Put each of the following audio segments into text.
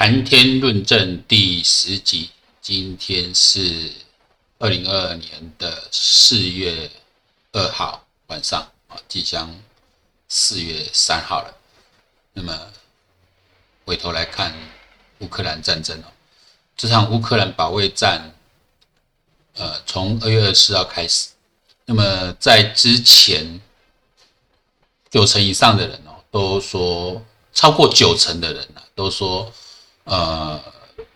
談天論政第十集，今天是二零二二年的四月二號晚上啊，即將四月三號了。那麼回頭來看烏克蘭戰爭哦，這場烏克蘭保衛戰，呃，從二月二十四號開始。那麼在之前，九成以上的人哦，都說超過九成的人，啊，都說。呃，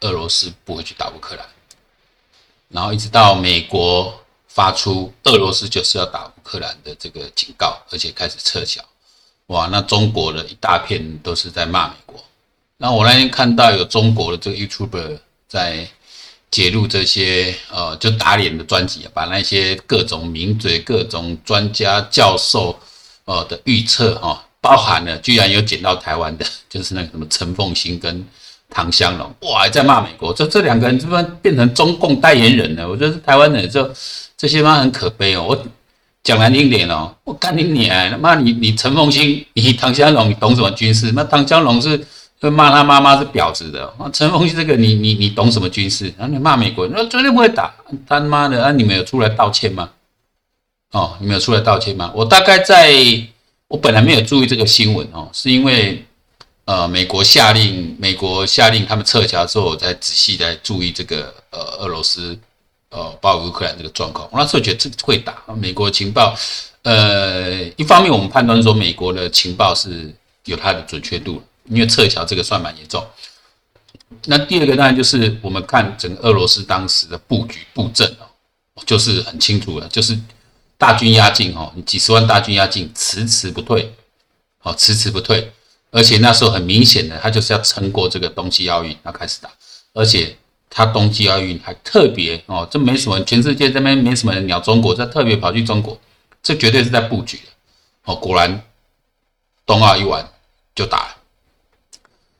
俄羅斯不會去打烏克蘭，然後一直到美國發出俄羅斯就是要打烏克蘭的這個警告，而且開始撤僑，哇，那中國的一大片都是在罵美國。那我那天看到有中國的這個 Youtuber 在揭露這些呃，就打臉的專輯，把那些各種名嘴、各種專家、教授、呃、的預測哈，包含了居然有撿到台灣的，就是那個什麼陳鳳馨跟。唐湘龍哇，還在罵美國，這這兩個人怎麼變成中共代言人了？我覺得臺灣人這這些媽很可悲哦。我講難聽一點哦，我幹你你、啊，他罵你你陳鳳馨，你，你，你唐湘龍，你懂什麼軍事？那唐湘龍是會罵他媽媽是婊子的，哦。陳鳳馨這個你你你懂什麼軍事？啊，你罵美國人，那絕對不會打。他媽的那、啊、你們有出來道歉嗎？哦，你們有出來道歉嗎？我大概在我本來沒有注意這個新聞哦，是因為。呃，美國下令，美國下令他們撤僑之後，我再仔細來注意這個呃，俄羅斯呃，包圍烏克蘭這個狀況。那時候覺得這個會打、呃，美國情報，呃，一方面我們判斷說美國的情報是有它的準確度，因為撤僑這個算蠻嚴重。那第二個當然就是我們看整個俄羅斯當時的布局佈陣、哦、就是很清楚了，就是大軍壓境哦，你幾十萬大軍壓境，遲遲不退，好、哦，遲遲不退。而且那時候很明顯的，他就是要撐過這個冬季奧運，他開始打。而且他冬季奧運還特別哦，這沒什麼，全世界這邊沒什麼人鳥中國，他特別跑去中國，這絕對是在布局哦，果然，冬奧一完就打了。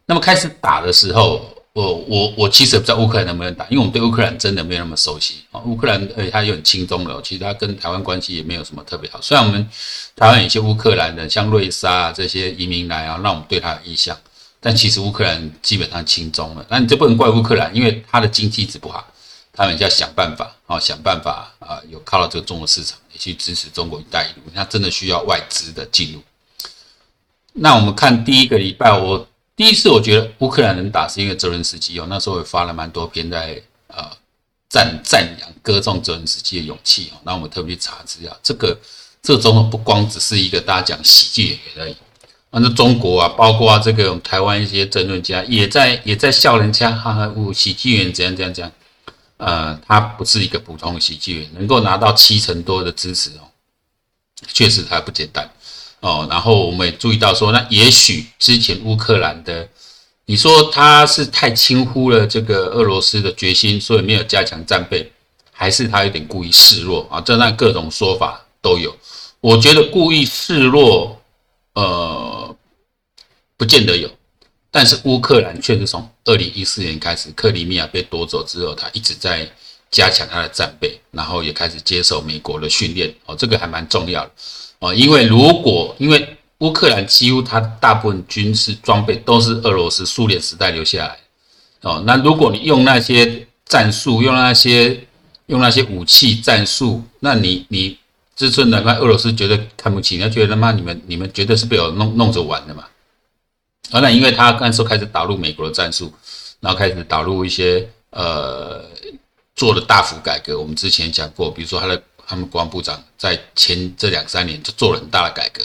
那麼開始打的時候。我我我其實也不知道烏克蘭能不能打，因為我們對烏克蘭真的沒有那麼熟悉啊。哦、烏克蘭，欸、而且它又很輕中了，其實它跟台灣關係也沒有什麼特別好。雖然我們台灣有些烏克蘭人，像瑞莎啊這些移民來啊，讓我們對他有印象，但其實烏克蘭基本上親中了。那你這不能怪烏克蘭，因為它的經濟一直不好，他們就要想辦法啊、哦，想辦法啊，有靠到這個中國市場，也去支持中國一帶一路，它真的需要外資的進入。那我們看第一個禮拜，我。第一次我覺得烏克蘭能打，是因為澤倫斯基哦，那時候也發了蠻多篇在呃讚讚揚歌頌澤倫斯基的勇氣哦。那我們特別去查資料，這個這中、個、不光只是一個大家講喜劇演員而已，那中國啊，包括這個我們台灣一些政論家也在也在笑人家哈哈，嗚喜劇演員怎樣怎樣怎樣，呃，他不是一個普通喜劇人，員，能夠拿到七成多的支持哦，確實他不簡單。哦，然後我們也注意到說，那也許之前烏克蘭的，你說他是太輕忽了這個俄羅斯的決心，所以沒有加強戰備，還是他有點故意示弱啊？這那各種說法都有。我覺得故意示弱，呃，不見得有。但是烏克蘭確實從二零一四年開始，克里米亞被奪走之後，他一直在加強他的戰備，然後也開始接受美國的訓練哦，這個還蠻重要的。哦，因為如果因為烏克蘭幾乎它，大部分軍事裝備都是俄羅斯蘇聯時代留下來，哦，那如果你用那些戰術，用那些用那些武器戰術，那你你自尊的那俄羅斯絕對看不起人，覺得嘛，你們你們絕對是被我弄弄着玩的嘛。而、哦、那因為他那時候開始導入美國的戰術，然後開始導入一些呃做的大幅改革，我們之前講過，比如說他的。他們國防部長在前這兩三年就做了很大的改革，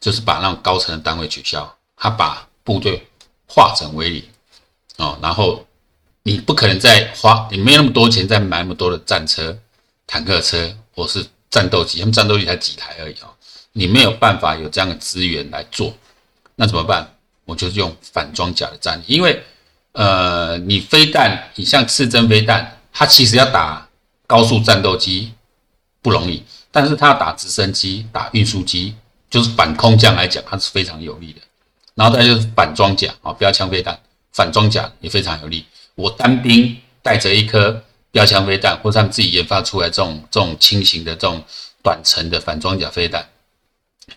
就是把那種高層的單位取消，他把部隊化整為零，哦，然後你不可能再花，你沒有那麼多錢再買那麼多的戰車、坦克車或是戰鬥機，他們戰鬥機才幾台而已啊，哦，你沒有辦法有這樣的資源來做，那怎麼辦？我就是用反裝甲的戰力，因為呃，你飛彈，你像刺針飛彈，它其實要打高速戰鬥機。不容易，但是他打直升機、打運輸機，就是反空降來講，它是非常有利的。然後，再就是反裝甲啊，標、哦、槍飛彈，反裝甲也非常有利。我單兵帶着一顆標槍飛彈，或者他們自己研發出來這種這種輕型的這種短程的反裝甲飛彈，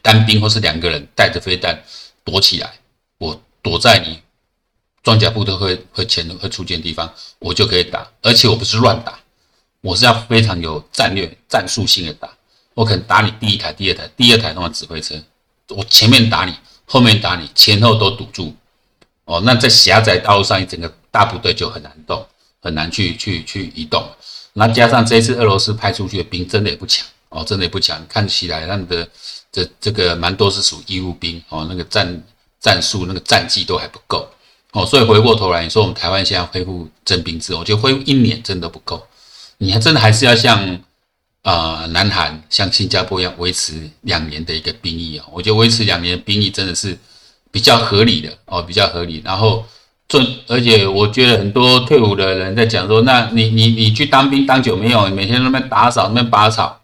單兵或是兩個人帶着飛彈躲起來，我躲在你裝甲部隊會會前會出現的地方，我就可以打，而且我不是亂打。我是要非常有戰略、戰術性的打，我可能打你第一台、第二台、第二台那種指揮車，我前面打你，後面打你，前後都堵住。哦，那在狹窄道路上，一整個大部隊就很難動，很難去去去移動。那加上這一次俄羅斯派出去的兵真的也不強哦，真的也不強。你看起來他們的這這個蠻多是屬義務兵哦，那個戰戰術、那個戰績都還不夠哦。所以回過頭來，你說我們台灣現在恢復徵兵制，我覺得恢復一年真的不夠。你還真的還是要像啊、呃，南韓、像新加坡一樣維持兩年的一個兵役啊、哦，我覺得維持兩年的兵役真的是比較合理的哦，比較合理。然後做，而且我覺得很多退伍的人在講說，那你你你去當兵當久沒有，你每天在那邊打掃、那邊拔草，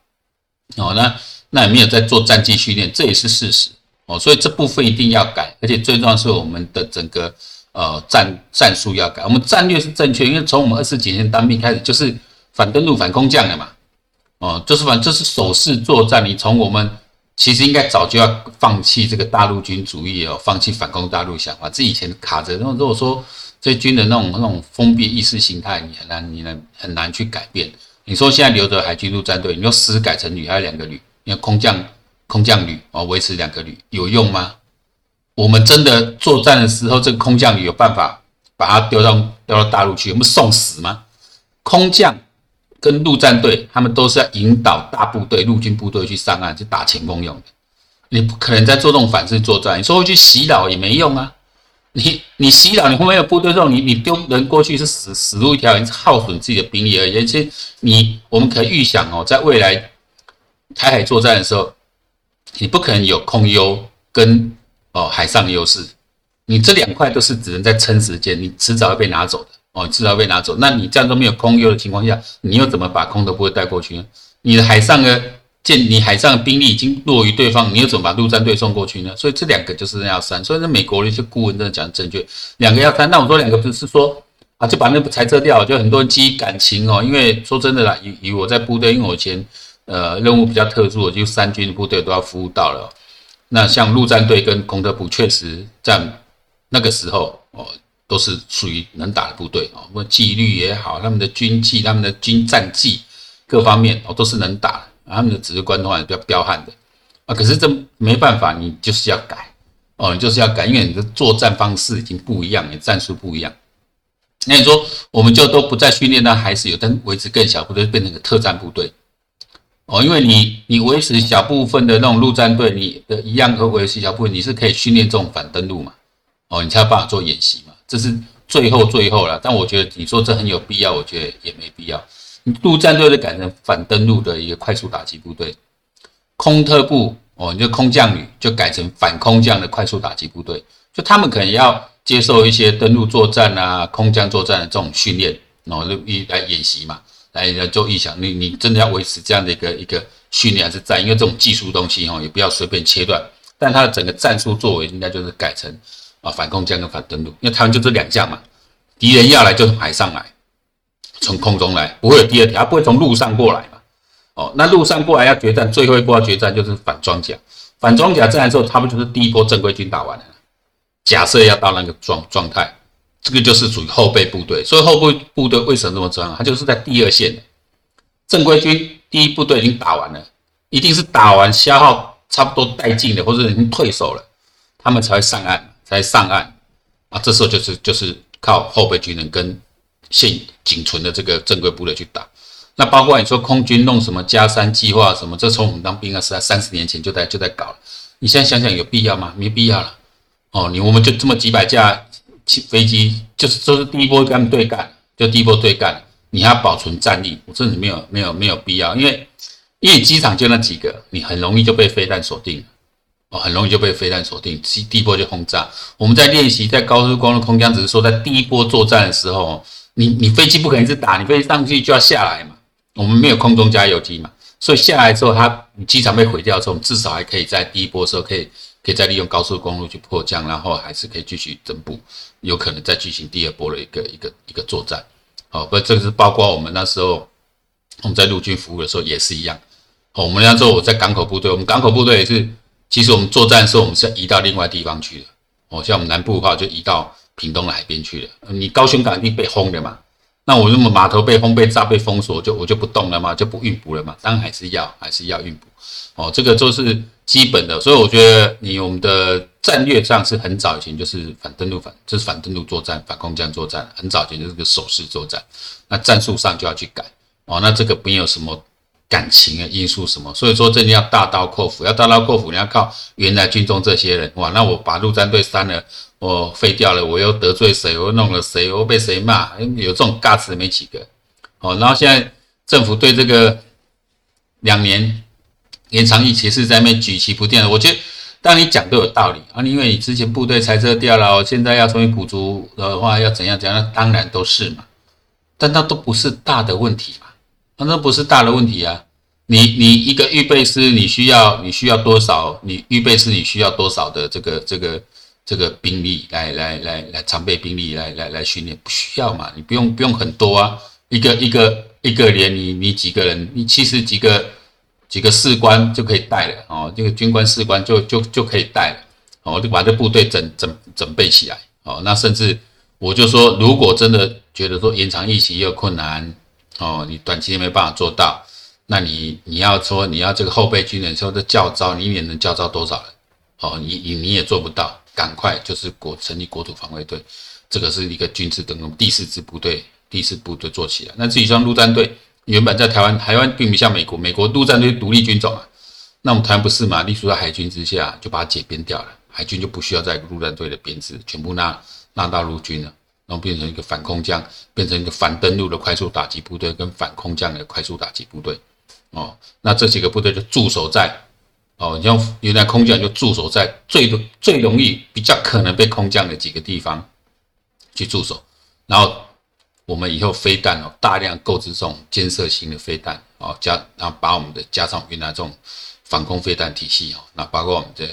哦，那那也沒有在做戰技訓練，這也是事實哦，所以這部分一定要改。而且最重要是我們的整個呃戰戰術要改，我們戰略是正確，因為從我們二十幾年當兵開始就是。反登陸、反空降的嘛，哦，就是反，這、就是首次作戰。你從我們其實應該早就要放棄這個大陸軍主義哦，放棄反攻大陸想法。這以前卡着那如果說這軍人那種那種封閉意識形態，你很難，你能很難去改變。你說現在留着海軍陸戰隊，你用師改成旅，還有兩個旅，你看空降空降旅啊，哦、維持兩個旅有用嗎？我們真的作戰的時候，這個空降旅有辦法把它丟到丟到大陸去，我們送死嗎？空降。跟陸戰隊，他們都是要引導大部隊、陸軍部隊去上岸去打前鋒用的。你不可能再做這種反制作戰，你說回去洗腦也沒用啊！你你洗腦，你沒有部隊的時候，你你丟人過去是死死路一條，你耗損自己的兵力而已。而且你，我們可以預想哦，在未來台海作戰的時候，你不可能有空優跟哦海上優勢，你這兩塊都是只能在撐時間，你遲早要被拿走的。哦，知道被拿走。那你戰爭沒有空優的情況下，你又怎麼把空特部帶過去呢？你的海上的艦，你海上的兵力已經弱於對方，你又怎麼把陸戰隊送過去呢？所以這兩個就是要刪。所以那美國的一些顧問真的講的正確，兩個要刪。那我說兩個不是說啊，就把那部裁撤掉了，就很多人基於感情哦。因為說真的啦，以以我在部隊，因為我以前呃任務比較特殊，我就三軍的部隊都要服務到了。那像陸戰隊跟空特部確實，在那個時候哦。都是屬於能打的部隊哦，那紀律也好，他們的軍紀、他們的軍戰績各方面哦都是能打的。他們的指揮官的話也比較彪悍的啊。可是這沒辦法，你就是要改哦，你就是要改，因為你的作戰方式已經不一樣，你戰術不一樣。那你說我們就都不再訓練，那還是有，但維持更小部隊，變成個特戰部隊哦。因為你你維持小部分的那種陸戰隊，你的一樣可以維持小部分，你是可以訓練這種反登陸嘛。哦，你才有辦法做演習嘛。這是最後最後了，但我覺得你說這很有必要，我覺得也沒必要。你陸戰隊就改成反登陸的一個快速打擊部隊，空特部哦，你就空降旅就改成反空降的快速打擊部隊，就他們可能要接受一些登陸作戰啊、空降作戰的這種訓練，然後來來演習嘛，來來做預想。你你真的要維持這樣的一個一個訓練還是在？因為這種技術東西哦，也不要隨便切斷。但它的整個戰術作為應該就是改成。啊，反空降跟反登陸，因為台灣就這兩項嘛。敵人要來就是海上來，從空中來，不會有第二條，他不會從路上過來嘛。哦，那路上過來要決戰，最後一波要決戰就是反裝甲。反裝甲戰完之後，他們就是第一波正規軍打完了。假設要到那個狀狀態，這個就是屬於後備部隊。所以後備部隊為什麼這麼裝？他就是在第二線的正規軍，第一部隊已經打完了，一定是打完消耗差不多殆盡了，或者已經退守了，他們才會上岸。在上岸啊！這時候就是就是靠後備軍人跟現僅存的這個正規部隊去打。那包括你說空軍弄什麼加三計劃什麼，這從我們當兵的是在三十年前就在就在搞了。你現在想想有必要嗎？沒必要了。哦，你我們就這麼幾百架飛機，就是就是第一波跟他們對幹，就第一波對幹，你還要保存戰力，我說你沒有沒有沒有必要，因為因為機場就那幾個，你很容易就被飛彈鎖定。哦，很容易就被飛彈鎖定，第第一波就轟炸。我們在練習在高速公路空降，只是說在第一波作戰的時候，你你飛機不可能是打，你飛機上去就要下來嘛。我們沒有空中加油機嘛，所以下來之後，它機場被毀掉之後，我們至少還可以在第一波的時候可以可以再利用高速公路去迫降，然後還是可以繼續增補，有可能再進行第二波的一個一個一個作戰。哦，不，這個是包括我們那時候我們在陸軍服務的時候也是一樣。哦，我們那時候我在港口部隊，我們港口部隊也是。其實我們作戰的時候，我們是移到另外地方去的。哦，像我們南部的話，就移到屏東的海邊去了。你高雄港一定被轟的嘛，那我如果碼頭被轟、被炸、被封鎖，就我就不動了嘛，就不運補了嘛。當然還是要，還是要運補。哦，這個就是基本的。所以我覺得你我們的戰略上是很早以前就是反登陸，反就是反登陸作戰、反空降作戰，很早以前就是個守勢作戰。那戰術上就要去改。哦，那這個沒有什麼。感情的因素什麼？所以說，真的要大刀闊斧，要大刀闊斧。你要靠原來軍中這些人哇，那我把陸戰隊刪了，我廢掉了，我又得罪誰？我又弄了誰？我被誰罵？有這種尬詞的沒幾個。哦，然後現在政府對這個兩年延長役期是在那邊舉棋不定的。我覺得，當你講都有道理啊，因為你之前部隊裁撤掉了，現在要重新補足的話，要怎樣怎樣，當然都是嘛，但那都不是大的問題。啊、那不是大的問題啊！你你一個預備師，你需要你需要多少？你預備師你需要多少的這個這個這個兵力來來來來常備兵力來來來,來訓練？不需要嘛？你不用不用很多啊！一個一個一個連，你你幾個人？你其實幾個幾個士官就可以帶了哦。這個軍官士官就就就可以帶了哦，就把這部隊整整整備起來哦。那甚至我就說，如果真的覺得說延長役期有困難。哦，你短期也沒辦法做到，那你你要說你要這個後備軍人說這教召，你一年能教召多少人？哦，你你你也做不到，趕快就是國成立國土防衛隊，這個是一個軍事等第四支部隊，第四部隊做起來。那至於像陸戰隊，原本在台灣，台灣並不像美國，美國陸戰隊獨立軍種啊，那我們台灣不是嘛？隸屬在海軍之下，就把它解編掉了，海軍就不需要再陸戰隊的編制，全部納納到陸軍了。然後變成一個反空降，變成一個反登陸的快速打擊部隊，跟反空降的快速打擊部隊。哦，那這幾個部隊就駐守在，哦，你像原來空降就駐守在最最容易、比較可能被空降的幾個地方去駐守。然後我們以後飛彈哦，大量購置這種肩射型的飛彈哦，加然後、啊、把我們的加上我們原來這種防空飛彈體系哦，那包括我們的。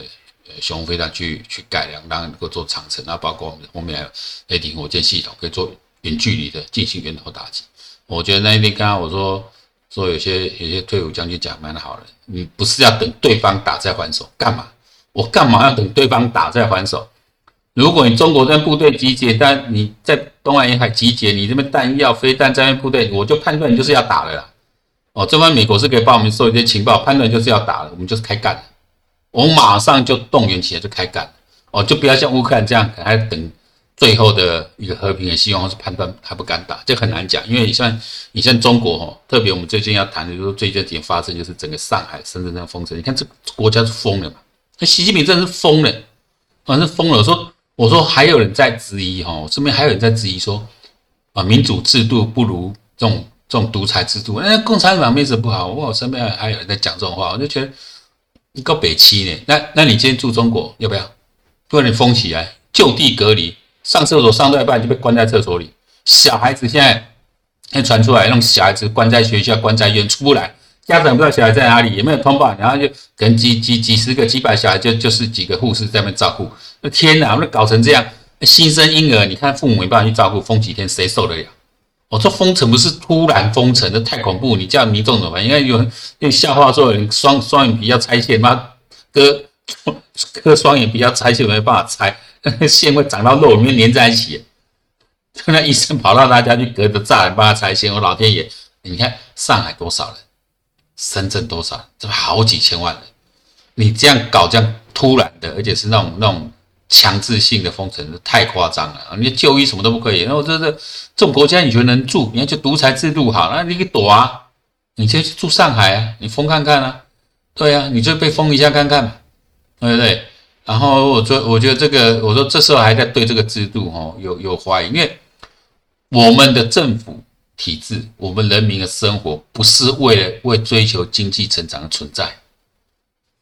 雄飛彈去去改良，讓能夠做長程，啊，包括我們後面還有雷霆火箭系統，可以做遠距離的進行源頭打擊。我覺得那一天剛剛我說說有些有些退伍將軍講蠻好的，你不是要等對方打再還手幹嘛？我幹嘛要等對方打再還手？如果你中國在部隊集結，但你在東南沿海集結，你這邊彈藥、飛彈、這邊部隊，我就判斷就是要打了啦。嗯、哦，這邊美國是可以幫我們收一些情報，判斷就是要打了，我們就是開幹了。我馬上就動員起來，就開幹了哦，就不要像烏克蘭這樣，還等最後的一個和平的希望，或是判斷還不敢打，這很難講。因為你像你像中國哈，特別我們最近要談的就是最近幾天發生，就是整個上海、深圳這樣封城，你看這國家是瘋了嘛？那習近平真的是瘋了，真、啊、是瘋了。我說我說還有人在質疑哈、哦，我身邊還有人在質疑說啊，民主制度不如這種這種獨裁制度，那、欸、共產黨沒什麼不好，我身邊還有人在講這種話，我就覺得。一個北七呢？那那你今天住中國要不要？不然你封起來，就地隔離，上廁所上到一半就被關在廁所裡。小孩子現在，現在傳出來讓小孩子關在學校、關在醫院出不來，家長不知道小孩在哪裡，也沒有通報，然後就可能幾幾幾十個幾百小孩就，就就是幾個護士在那邊照顧。天哪，我們搞成這樣，新生嬰兒，你看父母沒辦法去照顧，封幾天誰受得了？我說封城不是突然封城的，太恐怖！你這樣民眾怎麼辦？因為有人用笑話說，你雙雙眼皮要拆線，媽割割雙眼皮要拆線，沒辦法拆，線會長到肉裡面連在一起。就那醫生跑到他家去隔着柵欄幫他拆線，我老天爺！你看上海多少人，深圳多少人，這好幾千萬人，你這樣搞這樣突然的，而且是那種那種。強制性的封城太誇張了，你就醫什麼都不可以，那我覺得這這這種國家你覺得能住？你要去獨裁制度好，那你去躲啊，你先去住上海啊，你封看看啊，對啊，你就被封一下看看嘛，對不對？然後我覺我覺得這個，我說這時候還在對這個制度吼有有懷疑，因為我們的政府體制，我們人民的生活不是為了為追求經濟成長的存在，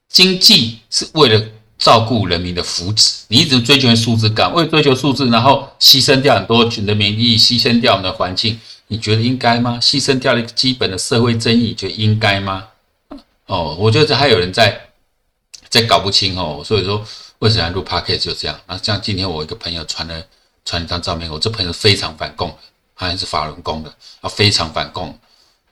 經濟是為了。照顧人民的福祉，你一直追求數字，感，為追求數字，然後犧牲掉很多人民名義，犧牲掉我們的環境，你覺得應該嗎？犧牲掉了一個基本的社會正義，你覺得應該嗎？哦，我覺得這還有人在在搞不清哦，所以說為什麼錄 Podcast 就這樣？那、啊、像今天我一個朋友傳了傳一張照片，我這朋友非常反共，好像是法輪功的，啊，非常反共，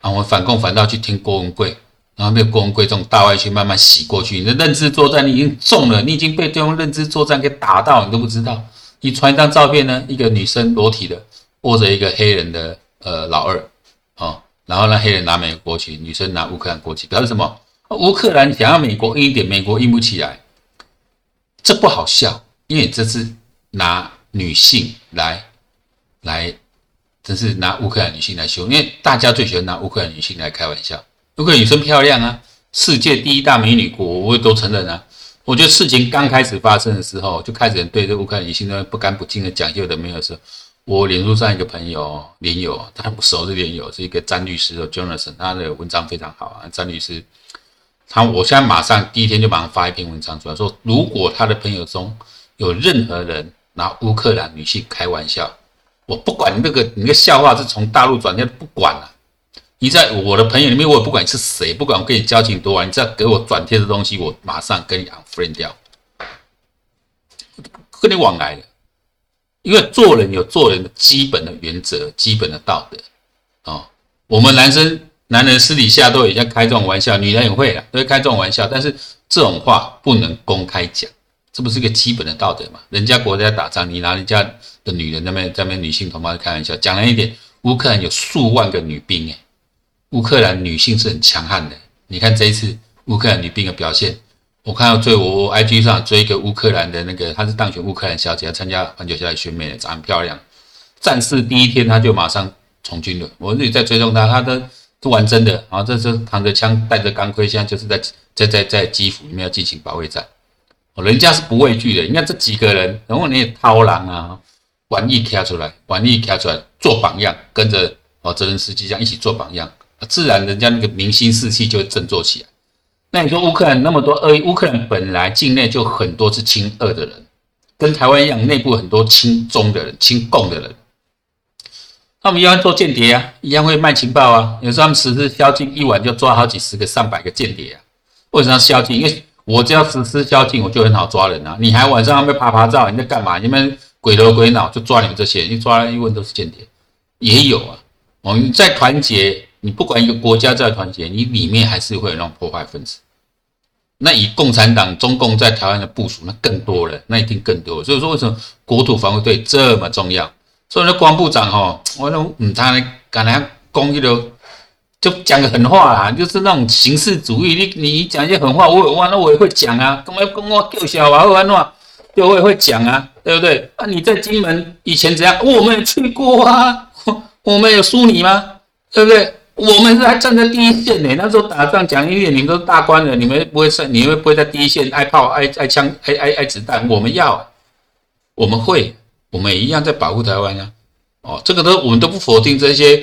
啊，我反共反倒去聽郭文貴。然後被貴重大外去慢慢洗過去。你的認知作戰你已經中了，你已經被對方認知作戰給打到，你都不知道。你傳一張照片呢，一個女生裸體的握着一個黑人的呃老二啊、哦，然後讓黑人拿美國國旗，女生拿烏克蘭國旗，表示什麼？啊、烏克蘭想要美國硬一點，美國硬不起來。這不好笑，因為這是拿女性來來，這是拿烏克蘭女性來羞，因為大家最喜歡拿烏克蘭女性來開玩笑。烏克蘭女生漂亮啊，世界第一大美女國，我也都承認啊。我覺得事情剛開始發生的時候，就開始人對這烏克蘭女性的都不乾不淨的講有的，沒有的。我臉書上一個朋友，臉友，他不熟的臉友是一個詹律師的、哦、Johnson 他的文章非常好啊。詹律師，他我現在馬上第一天就馬上發一篇文章出來，說如果他的朋友中有任何人拿烏克蘭女性開玩笑，我不管那個你那個笑話是從大陸轉來，不管了、啊。你在我的朋友裡面，我也不管你是誰，不管我跟你交情多完，你再給我轉貼的東西，我馬上跟你 unfriend 掉，我跟你往來了。因為做人有做人的基本的原則、基本的道德啊、哦。我們男生、男人私底下都有人開這種玩笑，女人也會啦，都會開這種玩笑。但是這種話不能公開講，這不是一個基本的道德嗎？人家國家打仗，你拿人家的女人在那邊、在那邊女性同胞開玩笑，講了一點，烏克蘭有數萬個女兵誒、欸。烏克蘭女性是很強悍的。你看這一次烏克蘭女兵的表現，我看到我 IG 追我我 I G 上追一個烏克蘭的那個，她是當選烏克蘭小姐，參加環球小姐選美，長很漂亮。戰事第一天她就馬上從軍了。我自己在追蹤她，她都不玩真的啊！這是扛著槍、戴著鋼盔，現在就是在在在在基輔裡面進行保衛戰。哦，人家是不畏懼的。你看這幾個人，然後你也掏狼啊，玩意跳出來，玩意跳出來做榜樣，跟着哦澤連斯基這樣一起做榜樣。自然，人家那個民心士氣就會振作起來。那你說烏克蘭那麼多俄裔，烏克蘭本來境內就很多是親俄的人，跟台灣一樣，內部很多親中的人、親共的人，他們一樣做間諜啊，一樣會賣情報啊。有時候他們實施宵禁，一晚就抓好幾十個、上百個間諜啊。為什麼要宵禁？因為我只要實施宵禁，我就很好抓人啊。你還晚上還沒爬爬照，你在幹嘛？你們鬼頭鬼腦就抓你們這些人，一抓人一問都是間諜，也有啊。我們在团結。你不管一個國家再團結，你裡面還是會有那種破壞分子。那以共產黨、中共在台灣的部署，那更多了，那一定更多了。所以說，為什麼國土防衛隊這麼重要？所以那關部長哦，我說嗯，他剛才攻擊的就講個狠話啊，就是那種形式主義。你你講一些狠話，我我那我也會講啊，跟我跟我叫囂啊會安怎就也會講啊，對不對？那、啊、你在金門以前怎樣？哦、我們也去過啊，我們有輸你嗎？對不對？我們是還站在第一線呢，那時候打仗，講，因為你們都是大官了，你們不會上，你們不會在第一線挨炮、挨挨槍、挨挨挨子彈。我們要，我們會，我們也一樣在保護台灣呀、啊。哦，這個都我們都不否定這些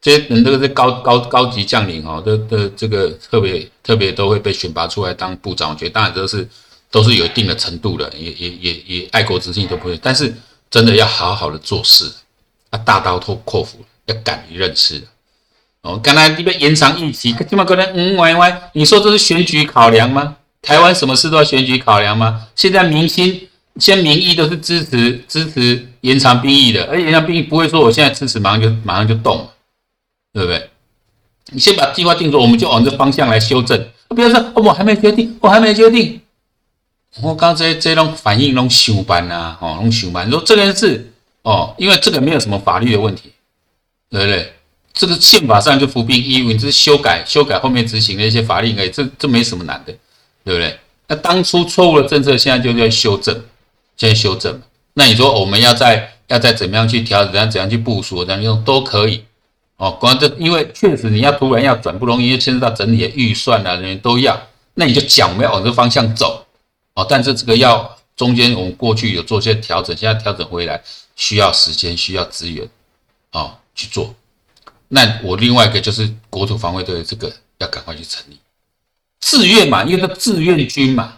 這些人，都是高高高級將領哦，都都這個特別特別都會被選拔出來當部長，我覺得當然都是都是有一定的程度的，也也也也愛國之心都不會，但是真的要好好的做事，啊，大刀闊闊斧，要敢於認識。剛才這個延長任期，這麼可能嗯，歪歪，你說這是選舉考量嗎？台灣什麼事都要選舉考量嗎？現在民心先民意都是支持支持延長兵役的，而延長兵役不會說我現在支持，馬上就馬上就動對不對？你先把計劃定出，我們就往這方向來修正。不要說哦，我還沒決定，我還沒決定。我剛才這種反應，攏修班吶，哦，攏上班。你說這件事，哦，因為這個沒有什麼法律的問題，對不對？這個憲法上就服兵役，你這是修改修改後面執行的一些法令，哎，這這沒什麼難的，對不對？那當初錯誤的政策，現在就在修正，現在修正。那你說我們要再要再怎麼樣去調整，怎樣怎樣去部署，怎樣用都可以。哦，關鍵因為確實你要突然要轉不容易，牽涉到整體的預算啊，人員都要。那你就講，我們要往這方向走。哦，但是這個要中間我們過去有做些調整，現在調整回來需要時間，需要資源，哦，去做。那我另外一個就是國土防衛隊，這個要趕快去成立，自願嘛，因為他志願軍嘛。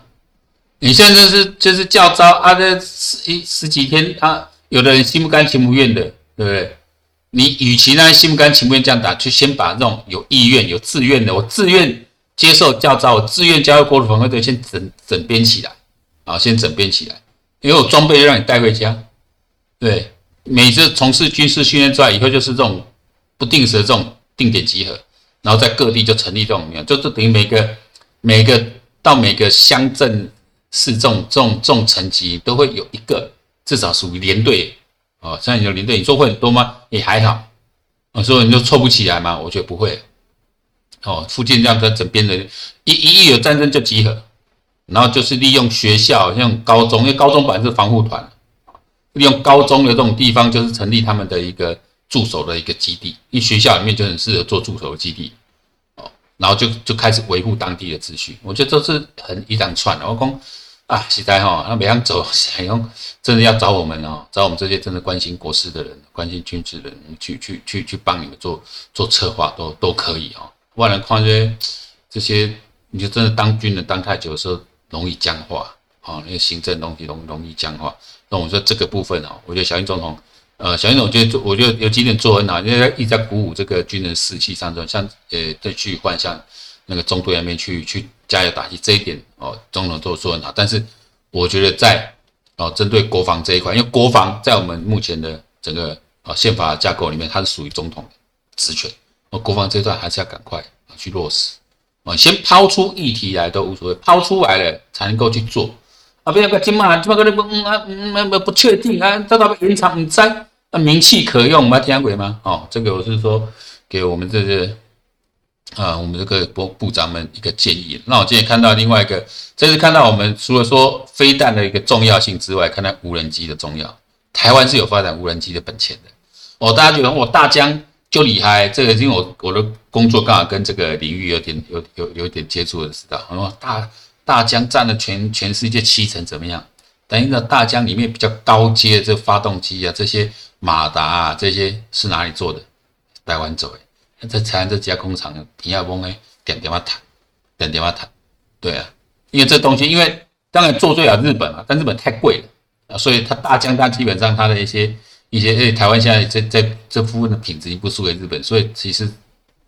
你現在這是就是教召啊，這十一十幾天，他、啊、有的人心不甘情不願的，對不對？你與其呢心不甘情不願這樣打，就先把這種有意願、有自願的，我自願接受教召，我自願加入國土防衛隊，先整整編起來啊，先整編起來，因為我裝備讓你帶回家。對，每次從事軍事訓練出來以後就是這種。不定時的這種定點集合，然後在各地就成立這種，就是等於每個每個到每個鄉鎮市中中中層級都會有一個至少屬於連隊哦，像有連隊，你說會很多嗎？也、欸、還好，我、哦、說你就湊不起來嗎？我覺得不會哦，附近這樣的，整邊的人，一一一有戰爭就集合，然後就是利用學校，像高中，因為高中本來是防護團，利用高中的這種地方就是成立他們的一個。駐守的一個基地，因為學校裡面就很適合做駐守的基地，哦，然後就就開始維護當地的秩序。我覺得這是很一長串。我講啊，實在哈，那每想走，想用真的要找我們啊，找我們這些真的關心國事的人，關心軍事的人，去去去去幫你們做做策劃都都可以啊。外、哦、人況且這些，你就真的當軍人當太久的時候，容易僵化啊、哦，那個行政東西容容易僵化。那我說這個部分啊，我覺得小英總統。呃，小英總就做，我覺得有幾點做很好，因為他一直在鼓舞這個軍人士氣上，像，呃，再去換向那個中隊那邊去去加油打氣這一點哦，總統做做很好。但是我覺得在哦，針對國防這一塊，因為國防在我們目前的整個啊憲法架構裡面，它是屬於總統的職權。那國防這一段還是要趕快去落實啊，先拋出議題來都無所謂，拋出來了才能夠去做啊。不要不要，今晚今晚可能不啊，嗯，那、嗯、那、嗯嗯、不確定啊，再到延長，唔知。那名氣可用嗎？我們聽鬼嗎？哦，這個我是說給我們這些、個、啊，我們這個部部長們一個建議。那我今天看到另外一個，這是看到我們除了說飛彈的一個重要性之外，看到無人機的重要。台灣是有發展無人機的本錢的。哦，大家覺得我、哦、大疆就厲害？這個因為我我的工作剛好跟這個領域有點有有有點接觸的知道？哦，大大疆占了全全世界七成怎麼樣？等於呢，大疆裡面比較高階這個發動機啊這些。馬達啊，這些是哪裡做的？台灣做的，在台灣這家工廠，天下崩的點點話，彈，點點話，彈，對啊，因為這東西，因為當然做最好日本啊，但日本太貴了啊，所以他大疆它基本上他的一些一些誒、哎，台灣現在在在，在這部分的品質已經不輸給日本，所以其實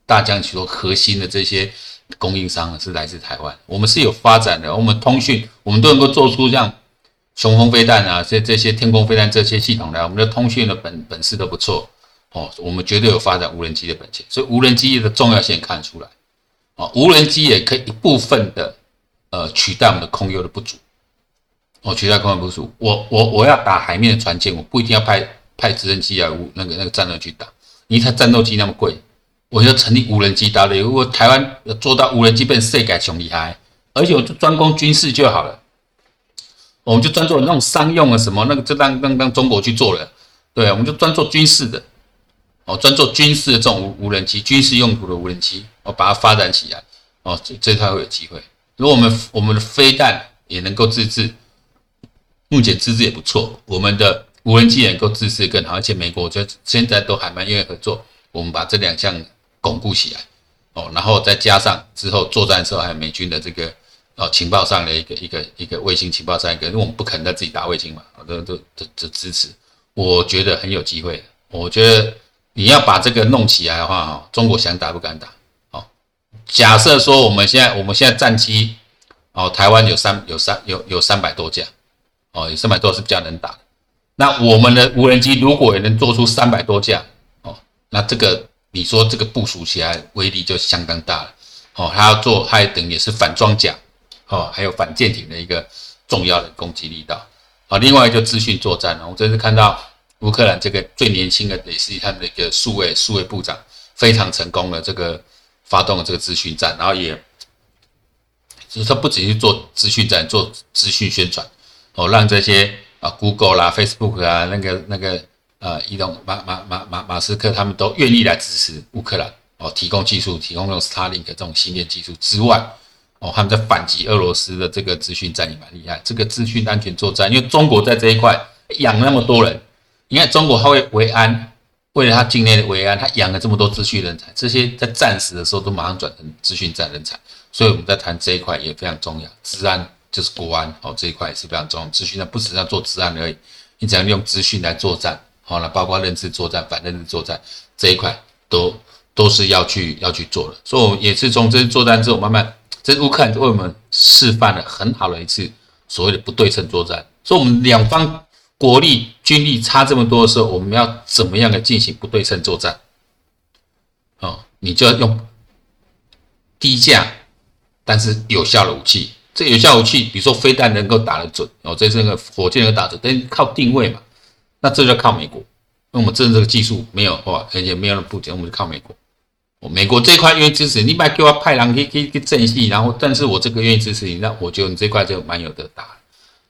大疆許多核心的這些供應商是來自台灣，我們是有發展的，我們通訊，我們都能夠做出這樣。雄風飛彈啊，這這些天弓飛彈這些系統呢，我們的通訊的本本事都不錯哦，我們絕對有發展無人機的本錢，所以無人機的重要性看出來啊，哦，無人機也可以一部分的呃取代我們的空優的不足哦，取代空優不足，我我我要打海面的船艦，我不一定要派派直升機啊，那個那個戰鬥去打，因為他戰鬥機那麼貴，我要成立無人機大隊，如果台灣做到無人機變成世界最厲害，而且我就專攻軍事就好了。我們就專做了那種商用啊什麼那個就，就當當當中國去做了。對啊，我們就專做軍事的，哦，專做軍事的這種無無人機、軍事用途的無人機，哦，把它發展起來，哦，這這才會有機會。如果我們我們的飛彈也能夠自製，目前自製也不錯，我們的無人機也能夠自製更好，嗯、而且美國就現在都還蠻願意合作，我們把這兩項鞏固起來，哦，然後再加上之後作戰的時候還有美軍的這個。哦，情報上的一個一個一個，一個衛星情報上一個，因為我們不可能在自己打衛星嘛，我都都都支持。我覺得很有機會。我覺得你要把這個弄起來的話，哈，中國想打不敢打。哦，假設說我們現在我們現在戰機，哦，台灣有三有三有有三百多架，哦，有三百多是比較能打的。那我們的無人機如果也能做出三百多架，哦，那這個你說這個部署起來威力就相當大了。哦，它要做，它也等於也是反裝甲。哦，還有反艦艇的一個重要的攻擊力道。好，另外一個資訊作戰，我這次看到烏克蘭這個最年輕的，也是他們的一個數位數位部長，非常成功的這個發動了這個資訊戰，然後也就是他不僅去做資訊戰，做資訊宣傳，哦，讓這些啊，Google 啦、Facebook 啊，那個那個呃，移動馬馬馬馬馬斯克他們都願意來支持烏克蘭，哦，提供技術，提供那種 Starlink 這種芯片技術之外。哦，他們在反擊俄羅斯的這個資訊戰也蠻厲害。這個資訊安全作戰，因為中國在這一塊養了那麼多人，你看中國他會維安，為了他境內的維安，他養了這麼多資訊人才，這些在戰時的時候都馬上轉成資訊戰人才。所以我們在談這一塊也非常重要，治安就是國安哦，這一塊也是非常重要，資訊戰不只是要做治安而已，你只要用資訊來作戰，好了，包括認知作戰、反認知作戰這一塊都都是要去要去做的。所以，我們也是從這些作戰之後慢慢。這是烏克蘭就為我們示範了很好的一次所謂的不對稱作戰。所以，我們兩方國力、軍力差這麼多的時候，我們要怎麼樣來進行不對稱作戰？哦，你就要用低價但是有效的武器。這有效武器，比如說飛彈能夠打得準哦，這是那個火箭能夠打得準，但是靠定位嘛。那這就要靠美國，那我們真的個技術沒有哇，而且沒有了部件，我們就靠美國。美國這塊願意支持你，你把給我派人給給給正義，然後但是我這個願意支持你，那我覺得你這塊就蠻有得打，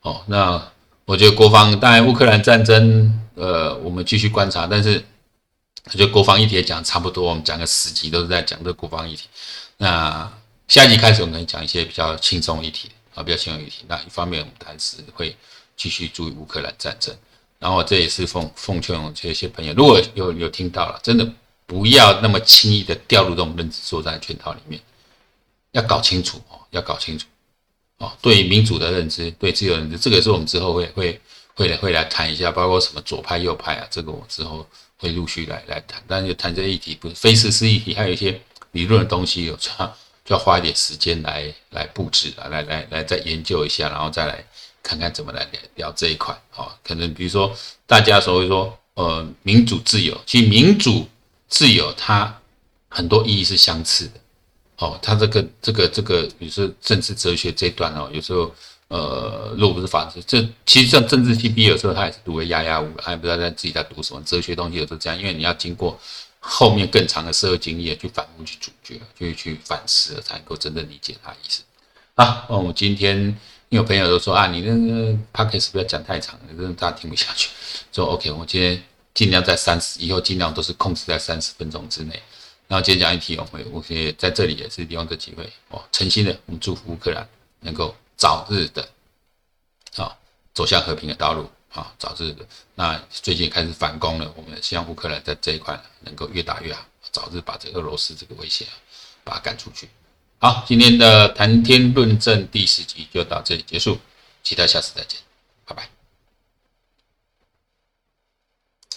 哦，那我覺得國防，當然烏克蘭戰爭，呃，我們繼續觀察，但是我覺得國防議題也講差不多，我們講個十集都是在講這個國防議題，那下一集開始我們講一些比較輕鬆議題啊，比較輕鬆議題。那一方面我們還是會繼續注意烏克蘭戰爭，然後這也是奉奉勸我們這些朋友，如果有有，有聽到了，真的。不要那麼輕易的掉入這種認知作戰圈套裡面，要搞清楚哦，要搞清楚哦。對民主的認知，對自由認知，這個也是我們之後會會會來會來談一下，包括什麼左派右派啊，這個我之後會陸續來來談。但是談這議題不是非事實議題，還有一些理論的東西，就要花一點時間來來佈置來來來來再研究一下，然後再來看看怎麼來聊聊這一塊啊。可能比如說大家所謂說呃民主自由，其實民主，自由，它很多意義是相似的。哦，它這個、這個、這個，比如說政治哲學這一段哦，有時候，呃，如果不是法治，這其實像政治系，有時候他也是讀為壓壓五，他也不知道在自己在讀什麼哲學東西，有時候這樣，因為你要經過後面更長的社會經驗去反覆去咀嚼，去去反思了，才能夠真正理解他意思。啊，哦，我們今天，有朋友都說啊，你那個 Podcast 不要講太長，真的大家聽不下去，說 OK。我今天。盡量在三十，以後盡量都是控制在三十分鐘之內。那今天講一題，我我在這裡也是利用這機會，哦，誠心的，我們祝福烏克蘭能夠早日的，啊、哦，走向和平的道路，啊、哦，早日的。那最近開始反攻了，我們希望烏克蘭在這一塊能夠越打越好，早日把這個俄羅斯這個威脅、啊、把它趕出去。好，今天的談天論政第十集就到這裡結束，期待下次再見，拜拜。